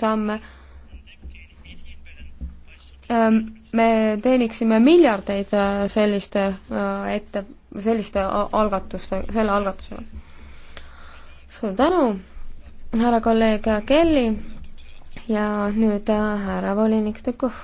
samme, me teeniksime miljardeid selliste ette, selliste algatuste, selle algatusega. suur tänu, härra kolleeg Kelly ja nüüd härra volinik Tõkuh.